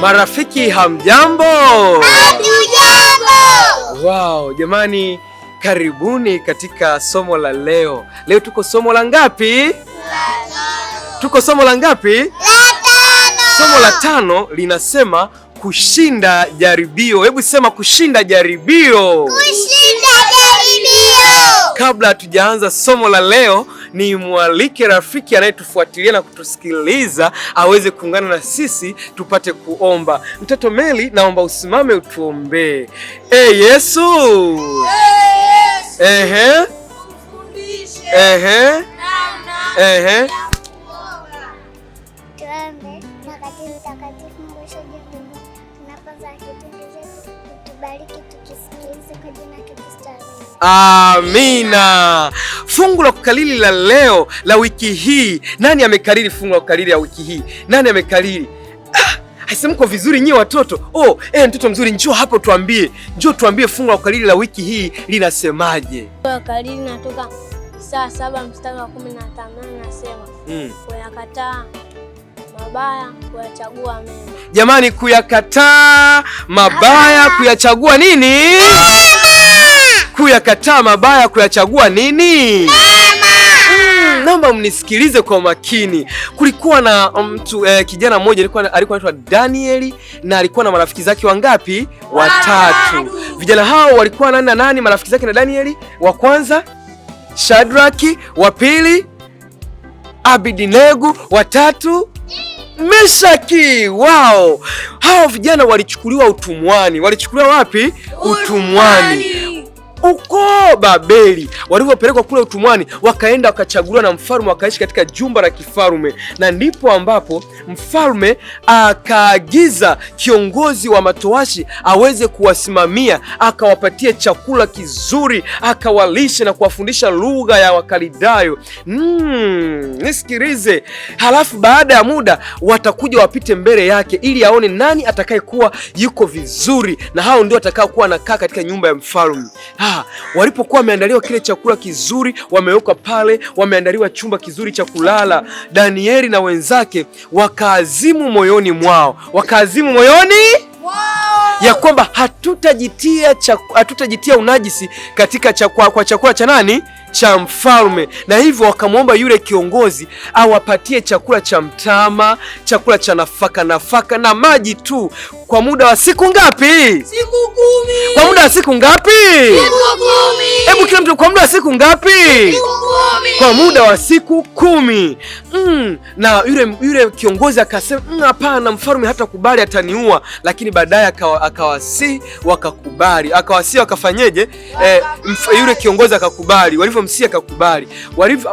Marafiki hamjambo? Hatujambo. Wow, jamani karibuni katika somo la leo. Leo tuko somo la ngapi? La tano. Tuko somo la ngapi? La tano. Somo la tano linasema kushinda jaribio. Hebu sema kushinda jaribio. Kushinda kabla hatujaanza somo la leo, ni mwalike rafiki anayetufuatilia na kutusikiliza aweze kuungana na sisi tupate kuomba. Mtoto Meli, naomba usimame utuombee. e Yesu, hey, eh, Yesu. Ehe. Amina. Fungu la kukalili la leo la wiki hii, nani amekariri fungu la kukalili ya wiki hii? Nani amekariri? Ah, mko vizuri nyie watoto? Oh, eh, mtoto mzuri, njoo hapo tuambie, njoo tuambie fungu la kukalili la wiki hii linasemaje? Kukalili natoka saa saba mstari wa kumi na tano nasema mm. Kuyakataa mabaya kuyachagua mema. Jamani, kuyakataa mabaya ah. kuyachagua nini? Ah kuyakataa mabaya, kuyachagua nini? Hmm, naomba mnisikilize kwa makini. Kulikuwa na mtu um, eh, kijana mmoja alikuwa anaitwa Danieli na alikuwa na marafiki zake wangapi? Watatu. Vijana hao walikuwa nani na nani marafiki zake na Danieli? Wa kwanza Shadraki, wa pili Abidinegu, wa tatu Meshaki. Wao hao vijana walichukuliwa utumwani. Walichukuliwa wapi? Utumwani ukoo Babeli walivyopelekwa kule utumwani, wakaenda wakachaguliwa na mfalme, wakaishi katika jumba la kifalme, na ndipo ambapo mfalme akaagiza kiongozi wa matowashi aweze kuwasimamia, akawapatia chakula kizuri, akawalisha na kuwafundisha lugha ya Wakalidayo. Mm, nisikilize. Halafu baada ya muda watakuja wapite mbele yake, ili aone nani atakayekuwa yuko vizuri, na hao ndio atakaokuwa anakaa katika nyumba ya mfalme. Ah, walipokuwa wameandaliwa kile chakula kizuri, wamewekwa pale, wameandaliwa chumba kizuri cha kulala, Danieli na wenzake wakaazimu moyoni mwao, wakaazimu moyoni ya kwamba hatutajitia cha, hatutajitia unajisi katika chakwa, kwa chakula cha nani cha mfalme. Na hivyo wakamwomba yule kiongozi awapatie chakula cha mtama, chakula cha nafaka nafaka na maji tu kwa muda wa siku ngapi? Siku kumi. Kwa muda wa siku ngapi? Siku kumi. Hebu kila mtu, kwa muda wa siku ngapi? Siku kumi. Kwa muda wa siku kumi mm, na yule yule kiongozi akasema mm, hapana, mfalme hata kubali ataniua, lakini baadaye akawasi wakakubali, akawasi wakafanyeje? Eh, yule kiongozi akakubali, walivyomsi akakubali,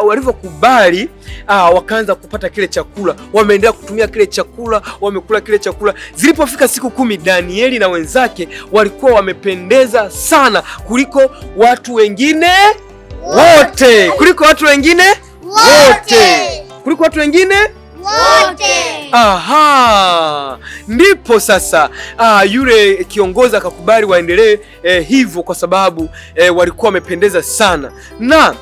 walivyokubali ah, wakaanza kupata kile chakula, wameendelea kutumia kile chakula, wamekula kile chakula. Zilipofika siku kumi, Danieli na wenzake walikuwa wamependeza sana kuliko watu wengine wote, kuliko watu wengine wote kuliko watu wengine wote. Aha, ndipo sasa ah, yule kiongozi akakubali waendelee eh, hivyo kwa sababu eh, walikuwa wamependeza sana na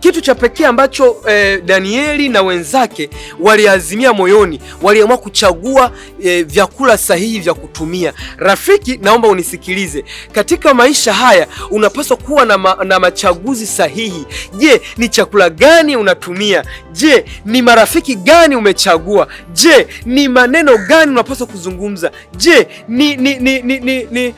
kitu cha pekee ambacho eh, Danieli na wenzake waliazimia moyoni, waliamua kuchagua eh, vyakula sahihi vya kutumia. Rafiki, naomba unisikilize, katika maisha haya unapaswa kuwa na, ma, na machaguzi sahihi. Je, ni chakula gani unatumia? Je, ni marafiki gani umechagua? Je, ni maneno gani unapaswa kuzungumza? Je, ni, ni, ni, ni, ni, ni,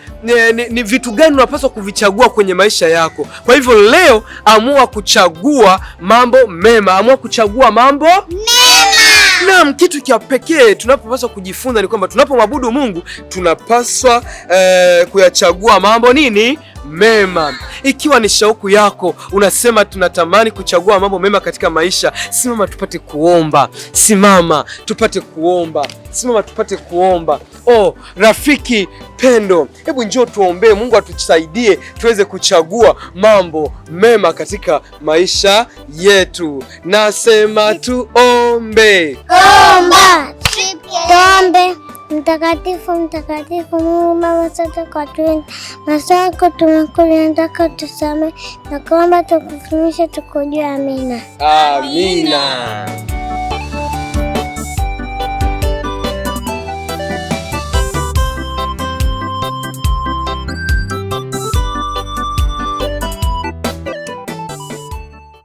ni, ni vitu gani unapaswa kuvichagua kwenye maisha yako? Kwa hivyo leo amua kuchagua kuchagua mambo mema, amua kuchagua mambo mema. Naam, kitu cha pekee tunapopaswa kujifunza ni kwamba tunapomwabudu Mungu tunapaswa eh, kuyachagua mambo nini mema. Ikiwa ni shauku yako, unasema tunatamani kuchagua mambo mema katika maisha, simama tupate kuomba. Simama tupate kuomba. Simama tupate kuomba. Oh, rafiki pendo, hebu njoo tuombee Mungu atusaidie tuweze kuchagua mambo mema katika maisha yetu. Nasema tuombe. Omba. Tuombe. Mtakatifu, mtakatifu Mungu Baba, sote kwa tuwenda masaa yako tunakulinataka utusame na kuomba tukufunishe tukujua. Amina, amina.